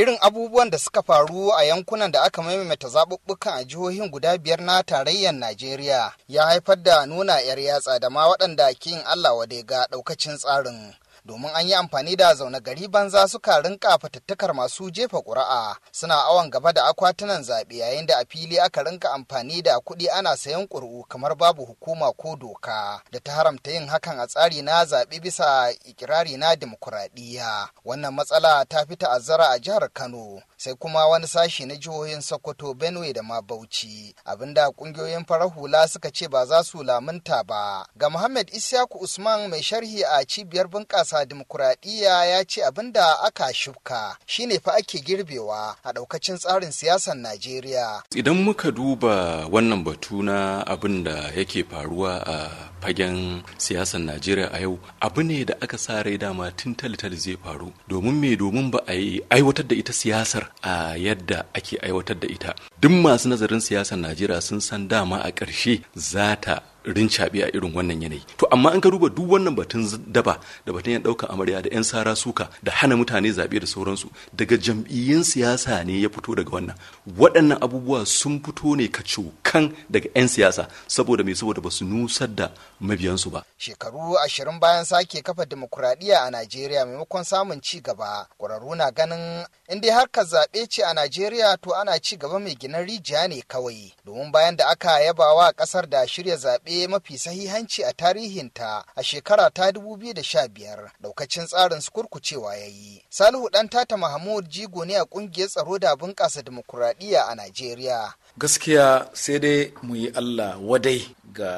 irin abubuwan da suka faru a yankunan da aka maimaita zaɓuɓɓukan a jihohin guda biyar na tarayyar Najeriya ya haifar da nuna 'yar yatsa da ma waɗanda kin yin Allah wa ga ɗaukacin tsarin. domin an yi amfani da zaune gari banza suka rinka fatattakar masu jefa ƙuri'a suna awon gaba da akwatunan zaɓe yayin da a fili aka rinka amfani da kuɗi ana sayan ƙuri'u kamar babu hukuma ko doka da ta haramta yin hakan a tsari na zaɓe bisa ikirari na dimokuraɗiyya wannan matsala ta fi ta'azzara a jihar kano sai kuma wani sashi na jihohin sokoto benue da ma bauchi abinda kungiyoyin farar hula suka ce ba za su lamunta ba ga muhammad isyaku usman mai sharhi a cibiyar bunƙasa dimokuraɗiyya ya ce abinda aka shuka shine fa ake girbewa a ɗaukacin tsarin siyasar najeriya idan muka duba wannan batu na abinda yake faruwa a fagen siyasar najeriya a yau abu ne da aka sa rai dama tun talitali zai faru domin me domin ba a yi aiwatar da ita siyasar a yadda ake aiwatar da ita duk masu nazarin siyasar najeriya sun san dama a ƙarshe za ta rincaɓe a irin wannan yanayi to amma an ka duba duk wannan batun daba da batun yan ɗaukar amarya da yan sara suka da hana mutane zaɓe da sauransu daga jam'iyyun siyasa ne ya fito daga wannan waɗannan abubuwa sun fito ne ka Kan daga 'yan siyasa saboda mai saboda ba su nusar da mabiyansu ba. Shekaru ashirin bayan sake kafa demokuraɗiyya a Najeriya maimakon samun ci gaba, ƙwararru na ganin in dai harkar zaɓe ce a Najeriya to ana ci gaba mai ginin rijiya ne kawai. Domin bayan da aka yaba wa ƙasar da shirya zaɓe mafi sahihanci a tarihinta a shekara ta dubu biyu da sha biyar, ɗaukacin tsarin su kurkucewa ya yi. Salihu ɗan tata Mahmud jigo ne a ƙungiyar tsaro da bunƙasa demokuraɗiyya a Najeriya. Gaskiya sai dai mu yi allah wadai ga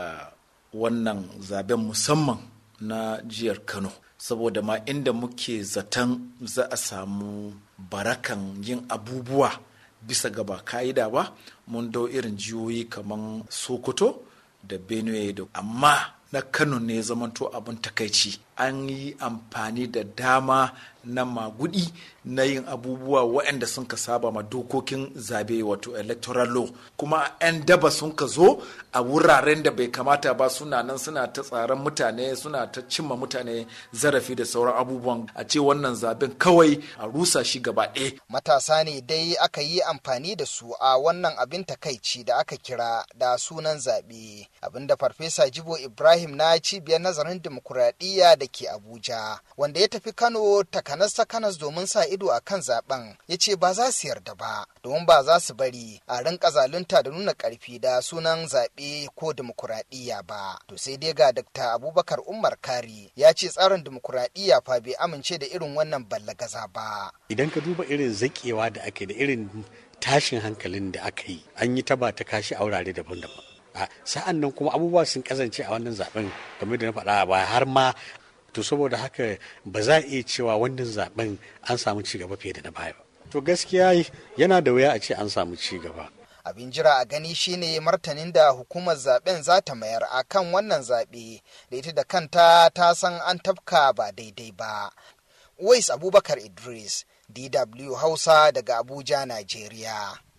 wannan zaben musamman na jiyar kano saboda ma inda muke zaton za a samu barakan yin abubuwa bisa ga ba ka'ida ba mun dau irin jihohi kamar sokoto da benue da amma na kano ne ya zamanto abin takaici an yi amfani da dama na magudi na yin abubuwa waɗanda sun ka saba ma dokokin zabe wato electoral law kuma 'yan daba sun ka zo a wuraren da bai kamata ba suna nan suna ta tsaron mutane suna ta cimma mutane zarafi da sauran abubuwan a ce wannan zaben kawai a rusa shi gaba ɗaya. matasa ne dai aka yi amfani da su a wannan abin takaici da aka kira da sunan zaɓe abinda farfesa jibo ibrahim Ibrahim na cibiyar nazarin dimokuraɗiyya da ke Abuja, wanda ya tafi Kano takanas takanas domin sa ido a kan zaben, ya ce ba za su yarda ba, domin ba za su bari a rinka zalunta da nuna ƙarfi da sunan zaɓe ko dimokuraɗiyya ba. To sai dai ga Dr. Abubakar Umar Kari ya ce tsarin dimokuraɗiyya fa bai amince da irin wannan ballagaza ba. Idan ka duba irin zaƙewa da ake da irin tashin hankalin da aka yi, an yi ta ba ta kashi a wurare daban-daban. sa'an nan kuma abubuwa sun kazance a wannan zaben kamar da na faɗa ba har ma to saboda haka ba za a iya cewa wannan zaben an samu ci gaba fiye da na baya ba to gaskiya yana da wuya a ce an samu ci gaba abin jira a gani shine martanin da hukumar zaben za ta mayar a kan wannan zaɓe da ita da kanta ta san an tafka ba daidai ba Uwais Abubakar Idris, DW Hausa daga Abuja, Najeriya.